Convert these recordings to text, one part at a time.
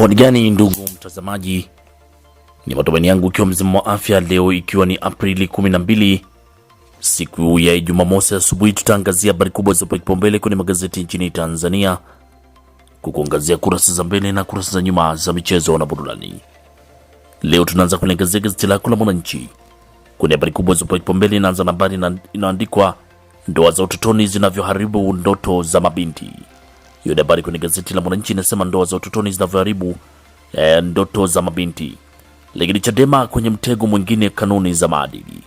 Uhali gani ndugu mtazamaji, ni matumaini yangu ikiwa mzima wa afya leo, ikiwa ni Aprili 12 siku ya Jumamosi asubuhi, tutaangazia habari kubwa zilizopewa kipaumbele kwenye magazeti nchini Tanzania, kukuangazia kurasa za mbele na kurasa za nyuma za michezo na burudani. Leo tunaanza kuliangazia gazeti lako la Mwananchi kwenye habari kubwa zilizopewa kipaumbele. Inaanza na habari inaandikwa ndoa za utotoni zinavyoharibu ndoto za mabinti hiyo ni habari kwenye gazeti la Mwananchi inasema ndoa za utotoni zinavyoharibu e, ndoto za mabinti. Lakini Chadema kwenye mtego mwingine kanuni za maadili.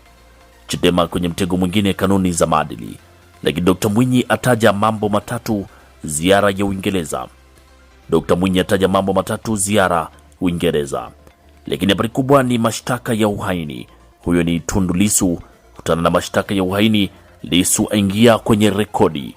Chadema kwenye mtego mwingine kanuni za maadili. Lakini Dr. Mwinyi ataja mambo matatu ziara ya Uingereza. Dr. Mwinyi ataja mambo matatu ziara Uingereza. Lakini habari kubwa ni mashtaka ya uhaini. Huyo ni Tundu Lisu kutana na mashtaka ya uhaini. Lisu aingia kwenye rekodi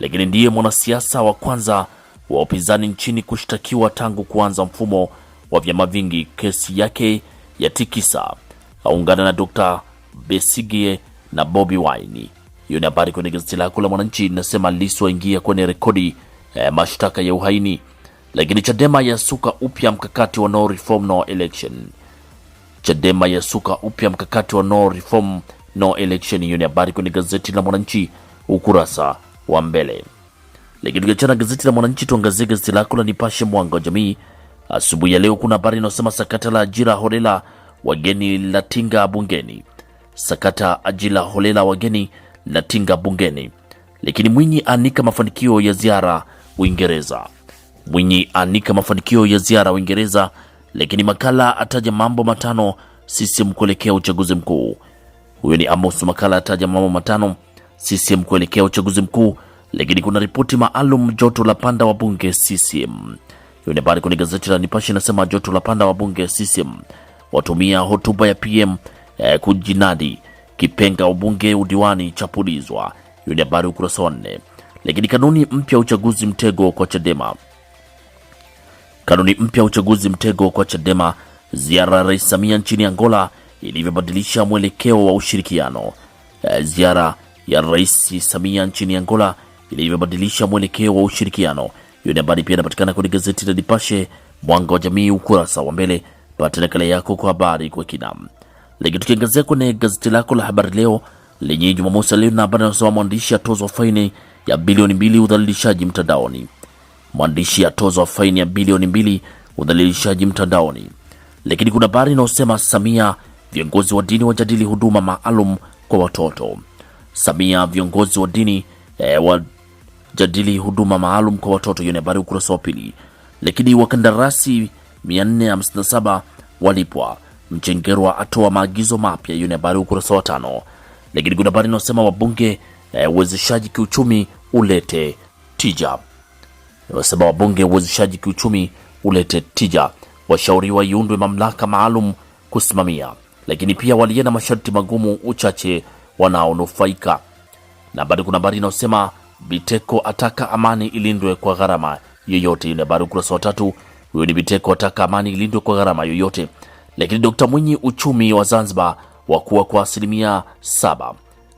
lakini ndiye mwanasiasa wa kwanza wa upinzani nchini kushtakiwa tangu kuanza mfumo wa vyama vingi. Kesi yake ya tikisa aungana na Dr. Besigye na Bobi Wine. Hiyo ni habari kwenye gazeti lako la Mwananchi, inasema Lissu aingia kwenye rekodi eh, mashtaka ya uhaini. Lakini Chadema yasuka upya mkakati wa no reform no election. Chadema yasuka upya mkakati wa no reform no election. Hiyo ni habari kwenye gazeti la Mwananchi ukurasa wa mbele. Lakini tukiachana gazeti la Mwananchi, tuangazie gazeti lako la Nipashe Mwanga wa Jamii asubuhi ya leo. Kuna habari inayosema sakata la ajira holela wageni latinga bungeni, sakata ajira holela wageni latinga bungeni. Lakini Mwinyi anika mafanikio ya ziara Uingereza, Mwinyi anika mafanikio ya ziara Uingereza. Lakini makala ataja mambo matano sisi mkuelekea uchaguzi mkuu. Huyo ni Amos Makala ataja mambo matano CCM kuelekea uchaguzi mkuu, lakini kuna ripoti maalum joto la panda wa bunge CCM. Hiyo ni habari kwenye gazeti la Nipashe inasema joto la panda wa bunge CCM watumia hotuba ya PM eh, kujinadi kipenga ubunge udiwani chapulizwa. Hiyo ni habari ukurasa wa nne. Lakini kanuni mpya uchaguzi mtego kwa Chadema, kanuni mpya uchaguzi mtego kwa Chadema, ziara ya Rais Samia nchini Angola ilivyobadilisha mwelekeo wa ushirikiano. Eh, ziara ya Rais Samia nchini Angola ilivyobadilisha mwelekeo wa ushirikiano. Hiyo ni habari pia inapatikana kwenye gazeti la Nipashe Mwanga wa Jamii ukurasa wa mbele. Pata nakala yako kwa habari kwa kina. Lakini tukiangazia kwenye gazeti lako la Habari Leo lenye Jumamosi leo na habari inasema mwandishi atozwa faini ya bilioni mbili udhalilishaji mtandaoni. Mwandishi atozwa faini ya bilioni mbili udhalilishaji mtandaoni. Lakini kuna habari inayosema Samia, viongozi wa dini wajadili huduma maalum kwa watoto. Samia, viongozi wa dini e, wajadili huduma maalum kwa watoto. Hiyo ni habari ukurasa wa pili. Lakini wakandarasi 457 walipwa. Mchengerwa atoa maagizo mapya. Hiyo ni habari ukurasa wa tano. Lakini kuna habari inayosema wabunge eh, uwezeshaji e, kiuchumi ulete tija. Wasema wabunge uwezeshaji kiuchumi ulete tija. Washauriwa iundwe mamlaka maalum kusimamia, lakini pia walienda masharti magumu uchache wanaonufaika. Na bado kuna habari inayosema Biteko ataka amani ilindwe kwa gharama yoyote. Hiyo ni habari ukurasa wa tatu. Huyo ni Biteko ataka amani ilindwe kwa gharama yoyote. Lakini Dr Mwinyi, uchumi wa Zanzibar wakuwa kwa asilimia saba.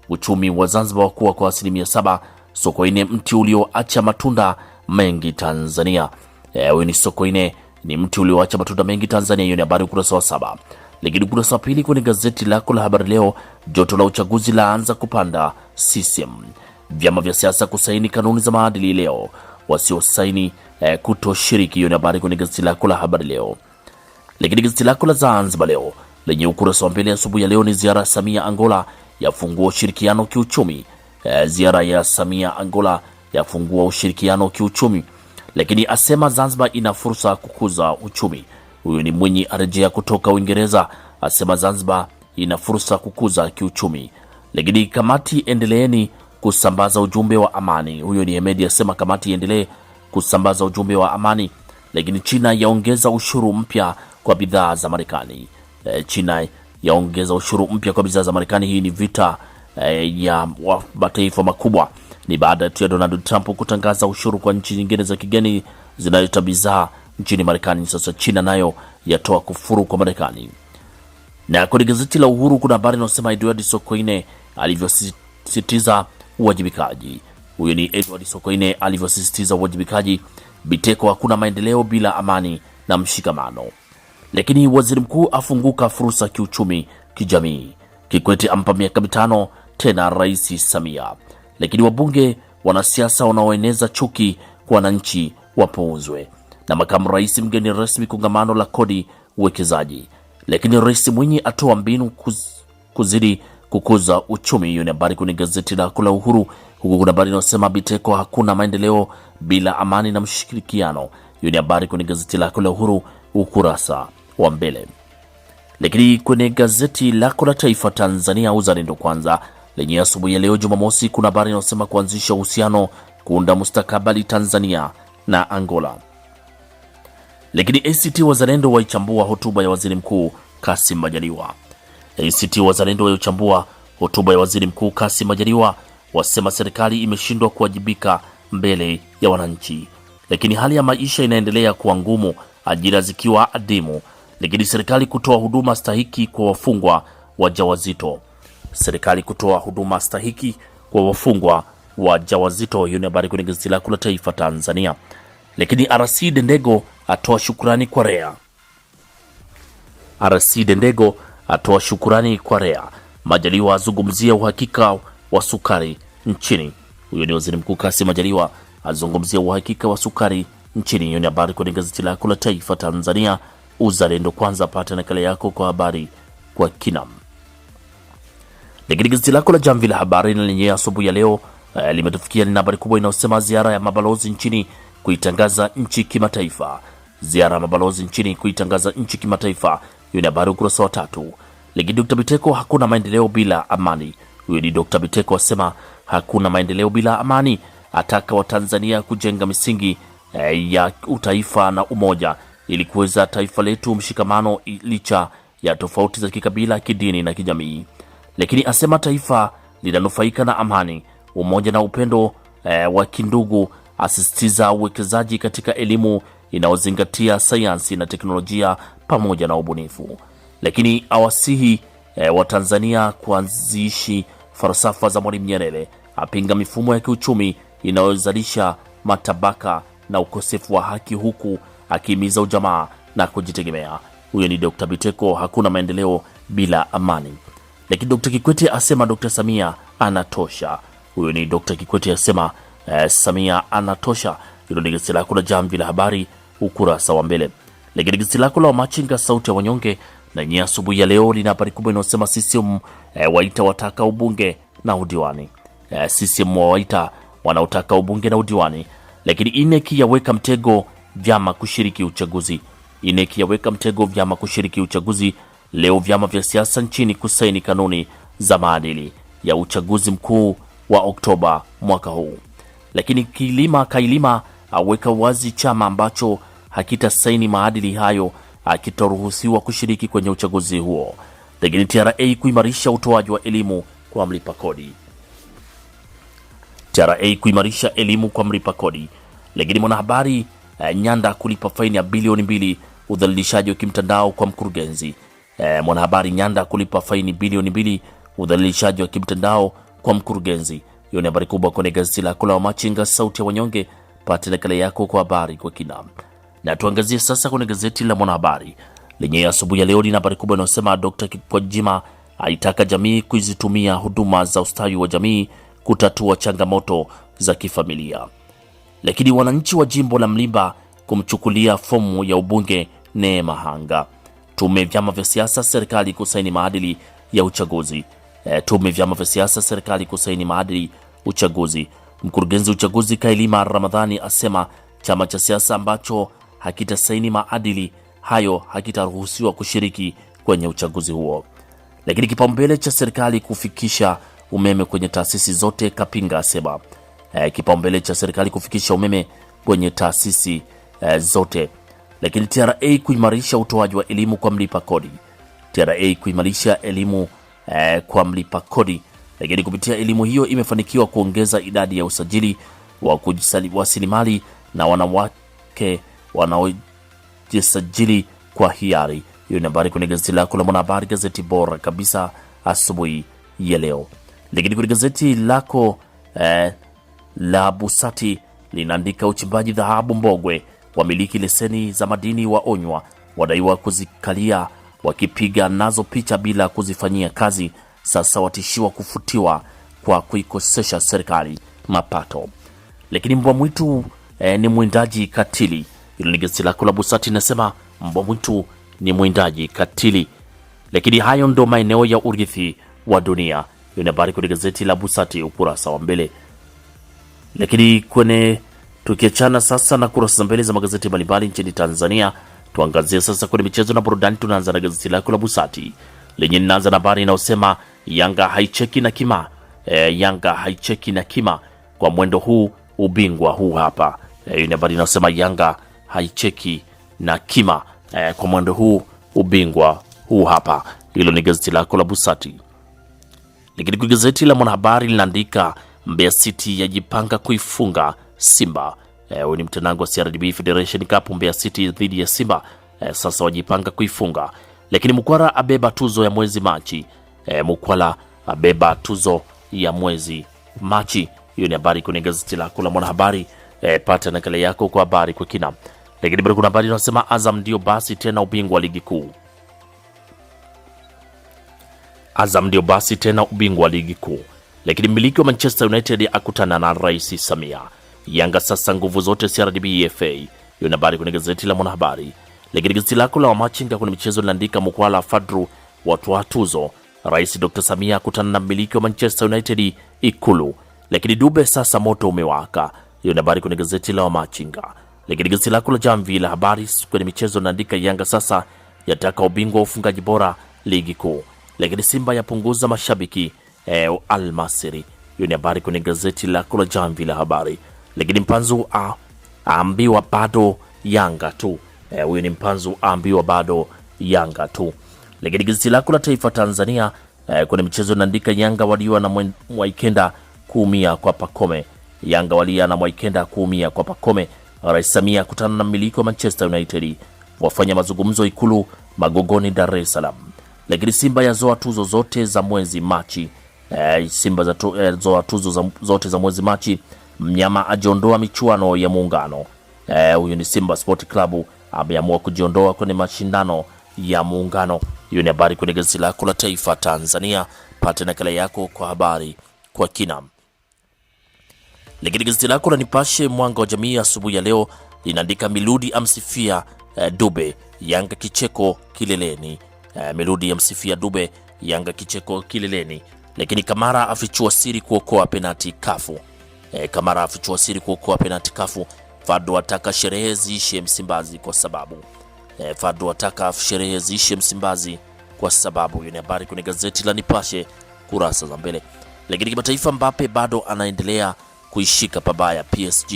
Uchumi wa Zanzibar wakuwa kwa asilimia saba. Sokoine mti ulioacha matunda mengi Tanzania. Eh, huyo ni Sokoine ni mti ulioacha matunda mengi Tanzania. Hiyo ni habari ukurasa wa saba. Lakini ukurasa wa pili kwenye gazeti lako la Habari Leo, joto la uchaguzi laanza kupanda. CCM, vyama vya siasa kusaini kanuni za maadili leo, wasiosaini eh, kutoshiriki. Hiyo ni habari kwenye gazeti lako la Habari Leo. Lakini gazeti lako la Zanzibar Leo lenye ukurasa wa mbele asubuhi ya leo ni ziara ya Samia Angola yafungua ushirikiano kiuchumi. Eh, ziara ya Samia Angola yafungua ushirikiano kiuchumi, lakini asema Zanzibar ina fursa kukuza uchumi. Huyu ni Mwinyi arejea kutoka Uingereza, asema Zanzibar ina fursa kukuza kiuchumi. Lakini kamati endeleeni kusambaza ujumbe wa amani. Huyo ni Hemedi asema kamati iendelee kusambaza ujumbe wa amani. Lakini China yaongeza ushuru mpya kwa bidhaa za Marekani. E, China yaongeza ushuru mpya kwa bidhaa za Marekani. Hii ni vita e, ya mataifa makubwa. Ni baada tu ya Donald Trump kutangaza ushuru kwa nchi nyingine za kigeni zinazoleta bidhaa nchini Marekani. Sasa China nayo yatoa kufuru kwa Marekani. Na kwenye gazeti la Uhuru kuna habari inayosema Edward Sokoine alivyosisitiza uwajibikaji. huyu ni Edward Sokoine alivyosisitiza uwajibikaji. Biteko, hakuna maendeleo bila amani na mshikamano. Lakini waziri mkuu afunguka fursa kiuchumi, kijamii. Kikwete ampa miaka mitano tena Rais Samia. Lakini wabunge, wanasiasa wanaoeneza chuki kwa wananchi wapuuzwe na makamu rais mgeni rasmi kongamano la kodi uwekezaji. Lakini Rais Mwinyi atoa mbinu kuz, kuzidi kukuza uchumi. Hiyo ni habari kwenye gazeti lako la Uhuru, huku kuna habari inayosema Biteko, hakuna maendeleo bila amani na mshirikiano. Hiyo ni habari kwenye gazeti lako la Uhuru ukurasa wa mbele. Lakini kwenye gazeti lako la Taifa Tanzania Uzalendo Kwanza lenye asubuhi ya leo Jumamosi, kuna habari inayosema kuanzisha uhusiano kuunda mustakabali Tanzania na Angola. Lakini ACT Wazalendo waichambua hotuba ya waziri mkuu Kassim Majaliwa. ACT Wazalendo waichambua hotuba ya waziri mkuu Kassim Majaliwa, wasema serikali imeshindwa kuwajibika mbele ya wananchi, lakini hali ya maisha inaendelea kuwa ngumu, ajira zikiwa adimu, lakini serikali kutoa huduma stahiki kwa wafungwa wajawazito. Serikali kutoa huduma stahiki kwa wafungwa wajawazito. Hiyo ni habari kwenye gazeti lako la Taifa Tanzania. Lakini RC Dendego atoa shukurani kwa REA. RC Dendego atoa shukurani kwa REA. Majaliwa azungumzia uhakika wa sukari nchini. Huyo ni waziri mkuu Kassim Majaliwa azungumzia uhakika wa sukari nchini. Hiyo ni habari kwenye gazeti lako la Taifa Tanzania Uzalendo. Kwanza pata nakala yako kwa habari kwa kinam. Lakini gazeti lako la Jamvi la Habari na lenyewe asubuhi ya leo eh, limetufikia lina habari kubwa inayosema ziara ya mabalozi nchini kuitangaza nchi kimataifa. Ziara ya mabalozi nchini kuitangaza nchi kimataifa. Hiyo ni habari ukurasa wa tatu. Lakini Dr Biteko, hakuna maendeleo bila amani. Huyo ni Dr Biteko asema hakuna maendeleo bila amani, ataka Watanzania kujenga misingi eh, ya utaifa na umoja ili kuweza taifa letu mshikamano licha ya tofauti za kikabila, kidini na kijamii. Lakini asema taifa linanufaika na amani, umoja na upendo eh, wa kindugu asisitiza uwekezaji katika elimu inayozingatia sayansi na teknolojia pamoja na ubunifu, lakini awasihi e, eh, Watanzania kuanzishi falsafa za Mwalimu Nyerere. Apinga mifumo ya kiuchumi inayozalisha matabaka na ukosefu wa haki, huku akihimiza ujamaa na kujitegemea. Huyo ni Dr. Biteko. Hakuna maendeleo bila amani. Lakini Dr. Kikwete asema Dr. Samia anatosha. Huyo ni Dr. Kikwete asema eh, Samia anatosha. Hilo ni gazeti lako la Jamvi la Habari ukurasa wa mbele. Lakini gazeti lako la Wamachinga sauti ya wanyonge na nyie asubuhi ya leo lina habari kubwa inayosema CCM eh, waita wataka ubunge na udiwani. Eh, CCM wawaita wanaotaka ubunge na udiwani. Lakini INEC yaweka mtego vyama kushiriki uchaguzi. INEC yaweka mtego vyama kushiriki uchaguzi. Leo vyama vya siasa nchini kusaini kanuni za maadili ya uchaguzi mkuu wa Oktoba mwaka huu lakini Kilima Kailima aweka wazi chama ambacho hakita saini maadili hayo akitoruhusiwa kushiriki kwenye uchaguzi huo. Lakini TRA kuimarisha utoaji wa elimu kwa mlipa kodi. TRA kuimarisha elimu kwa mlipa kodi. Lakini mwanahabari eh, Nyanda kulipa faini ya bilioni mbili udhalilishaji wa kimtandao kwa mkurugenzi. eh, mwanahabari Nyanda kulipa faini bilioni mbili udhalilishaji wa kimtandao kwa mkurugenzi. Hiyo ni habari kubwa kwenye gazeti lako la Wamachinga, sauti ya wanyonge. Pate nakala yako kwa habari kwa kina. Na tuangazie sasa kwenye gazeti la Mwanahabari lenye asubuhi ya leo lina habari kubwa inayosema Dkt. Kikwajima aitaka jamii kuzitumia huduma za ustawi wa jamii kutatua changamoto za kifamilia. Lakini wananchi wa jimbo la Mlimba kumchukulia fomu ya ubunge Neema Hanga. Tume vyama vya siasa serikali kusaini maadili ya uchaguzi e, tume vyama vya siasa serikali kusaini maadili uchaguzi. Mkurugenzi uchaguzi Kailima Ramadhani asema chama cha siasa ambacho hakitasaini maadili hayo hakitaruhusiwa kushiriki kwenye uchaguzi huo. Lakini kipaumbele cha serikali kufikisha umeme kwenye taasisi zote, Kapinga asema e, kipaumbele cha serikali kufikisha umeme kwenye taasisi e, zote. Lakini TRA kuimarisha utoaji wa elimu kwa mlipa kodi. TRA kuimarisha elimu eh, kwa mlipa kodi, lakini kupitia elimu hiyo imefanikiwa kuongeza idadi ya usajili wa wasilimali na wanawake wanaojisajili kwa hiari. Hiyo ni habari kwenye gazeti lako la Mwanahabari, gazeti bora kabisa asubuhi ya leo. Lakini kwenye gazeti lako eh, la Busati linaandika uchimbaji dhahabu Mbogwe, wamiliki leseni za madini waonywa, wadaiwa kuzikalia wakipiga nazo picha bila kuzifanyia kazi, sasa watishiwa kufutiwa kwa kuikosesha serikali mapato. Lakini mbwa mwitu eh, ni mwindaji katili. Hilo ni gazeti lako la Busati inasema mbwa mwitu ni mwindaji katili. Lakini hayo ndo maeneo ya urithi wa dunia. Hiyo ni habari kwenye gazeti la Busati ukurasa wa mbele. Lakini kwenye tukiachana sasa na kurasa za mbele za magazeti mbalimbali nchini Tanzania Tuangazie sasa kwenye michezo na burudani. Tunaanza na gazeti lako la Busati lenye ninaanza na habari inayosema Yanga haicheki na kima. E, Yanga haicheki na kima kwa mwendo huu ubingwa huu hapa. E, hiyo ni habari inayosema Yanga haicheki na kima e, kwa mwendo huu ubingwa huu hapa. Hilo ni gazeti lako la Busati, lakini kwa gazeti la Mwanahabari linaandika Mbeya City yajipanga kuifunga Simba. Eh, huyu e, ni mtanango wa CRDB Federation Cup Mbeya City dhidi ya Simba. E, sasa wajipanga kuifunga, lakini Mkwala abeba tuzo ya mwezi Machi. E, eh, Mkwala abeba tuzo ya mwezi Machi. Hiyo ni habari kwenye gazeti lako la Mwanahabari. E, pata nakala yako kwa habari kwa kina. Lakini bado kuna habari inasema Azam ndio basi tena ubingwa ligi kuu. Azam ndio basi tena ubingwa ligi kuu. Lakini mmiliki wa Manchester United akutana na Rais Samia. Yanga sasa nguvu zote CRDB EFA. Hiyo ni habari kwenye gazeti la Mwanahabari, lakini gazeti lako la Wamachinga kwenye michezo linaandika Mkwala Fadru watu wa tuzo, Rais Dr Samia akutana na mmiliki wa Manchester United Ikulu, lakini Dube sasa moto umewaka. Hiyo ni habari kwenye gazeti la Wamachinga, lakini gazeti lako la Jamvi la Habari kwenye michezo linaandika Yanga sasa yataka ubingwa wa ufungaji bora ligi kuu, lakini Simba yapunguza mashabiki eh, Almasiri. Hiyo ni habari kwenye gazeti lako la Jamvi la Habari lakini Mpanzu ah, aambiwa bado Yanga tu. Eh, huyu e, ni Mpanzu aambiwa bado Yanga tu. Lakini gazeti lako la Taifa Tanzania e, kwenye michezo naandika Yanga waliwa na Mwaikenda kuumia kwa Pakome. Yanga walia na Mwaikenda kuumia kwa Pakome. Rais Samia kutana na mmiliki wa Manchester United, wafanya mazungumzo Ikulu Magogoni, Dar es Salaam. Lakini Simba yazoa tuzo zote za mwezi Machi. E, Simba za tu, e, zoa tuzo za, zote za mwezi Machi. Mnyama ajiondoa michuano ya muungano. Eh, huyu e, ni Simba Sport Club ameamua kujiondoa kwenye mashindano ya muungano. Hiyo ni habari kwenye gazeti lako la Taifa Tanzania, pate nakala yako kwa habari kwa kina. Lakini gazeti lako la Nipashe Mwanga wa Jamii asubuhi ya leo linaandika Miludi amsifia e, Dube Yanga kicheko kileleni. E, Miludi amsifia Dube Yanga kicheko kileleni. Lakini Kamara afichua siri kuokoa penati kafu E, Kamara afichua siri kuokoa penati kafu. Fadlu ataka sherehe ziishe Msimbazi kwa sababu e, Fadlu ataka sherehe ziishe Msimbazi kwa sababu hiyo. Ni habari kwenye gazeti la Nipashe kurasa za mbele. Lakini kimataifa, Mbappe bado anaendelea kuishika pabaya PSG.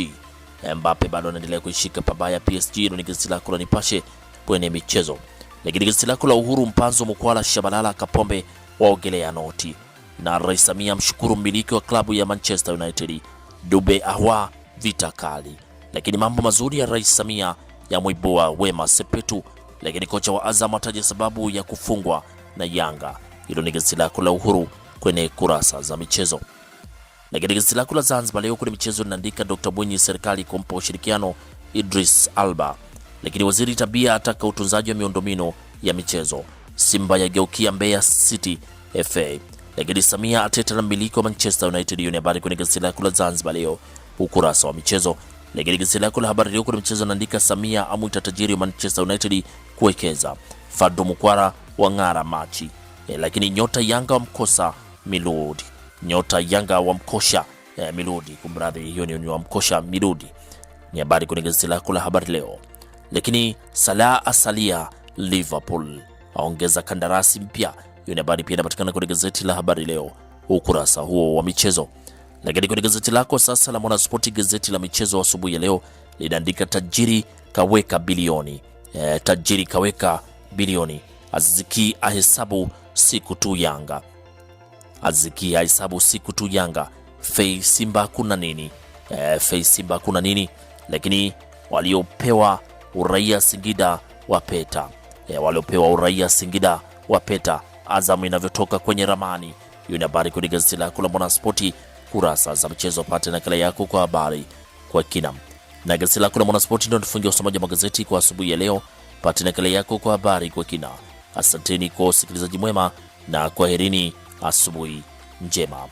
E, Mbappe bado anaendelea kuishika pabaya PSG. Ndio gazeti lako la Nipashe kwenye michezo. Lakini gazeti lako la Uhuru, Mpanzo, Mkwala, Shabalala, Kapombe waogelea noti, na Rais Samia mshukuru mmiliki wa klabu ya Manchester United Dube awa vita kali, lakini mambo mazuri ya Rais Samia yamwibua Wema Sepetu, lakini kocha wa Azam ataja sababu ya kufungwa na Yanga. Hilo ni gazeti lako la Uhuru kwenye kurasa za michezo. Lakini gazeti lako la Zanzibar Leo kwenye michezo linaandika Dr. Mwinyi serikali kumpa ushirikiano Idris Alba, lakini waziri tabia ataka utunzaji wa miundombinu ya michezo. Simba yageukia Mbeya City FA lakini Samia ateta na mmiliki wa Manchester United. Hiyo ni habari kwenye gazeti lako la Zanzibar Leo ukurasa wa michezo. Lakini gazeti lako la Habari Leo kwenye michezo naandika Samia amuita tajiri wa Manchester United kuwekeza, Fadu Mukwara wa ngara machi e, lakini nyota Yanga wa mkosa Miludi, nyota Yanga wa mkosha e, Miludi, kumradhi, hiyo ni wa mkosha Miludi, ni habari kwenye gazeti lako la Habari Leo. Lakini Salah asalia Liverpool, aongeza kandarasi mpya hiyo ni habari pia inapatikana kwenye gazeti la Habari Leo, ukurasa huo wa michezo. Lakini kwenye gazeti lako sasa la Mwanaspoti, gazeti la michezo asubuhi ya leo linaandika tajiri kaweka bilioni e, tajiri kaweka bilioni. Aziki ahesabu siku tu Yanga, Aziki ahesabu siku tu Yanga. Fei Simba kuna nini? E, Fei Simba kuna nini? Lakini waliopewa uraia Singida wapeta e, waliopewa uraia Singida wapeta Azamu inavyotoka kwenye ramani. Hiyo ni habari kwenye gazeti lako la Mwanaspoti kurasa za mchezo Pate nakala yako kwa habari kwa kina na gazeti lako la Mwanaspoti. Ndio tufungia usomaji wa magazeti kwa asubuhi ya leo. Pate nakala yako kwa habari kwa kina. Asanteni kwa usikilizaji mwema na kwaherini, asubuhi njema.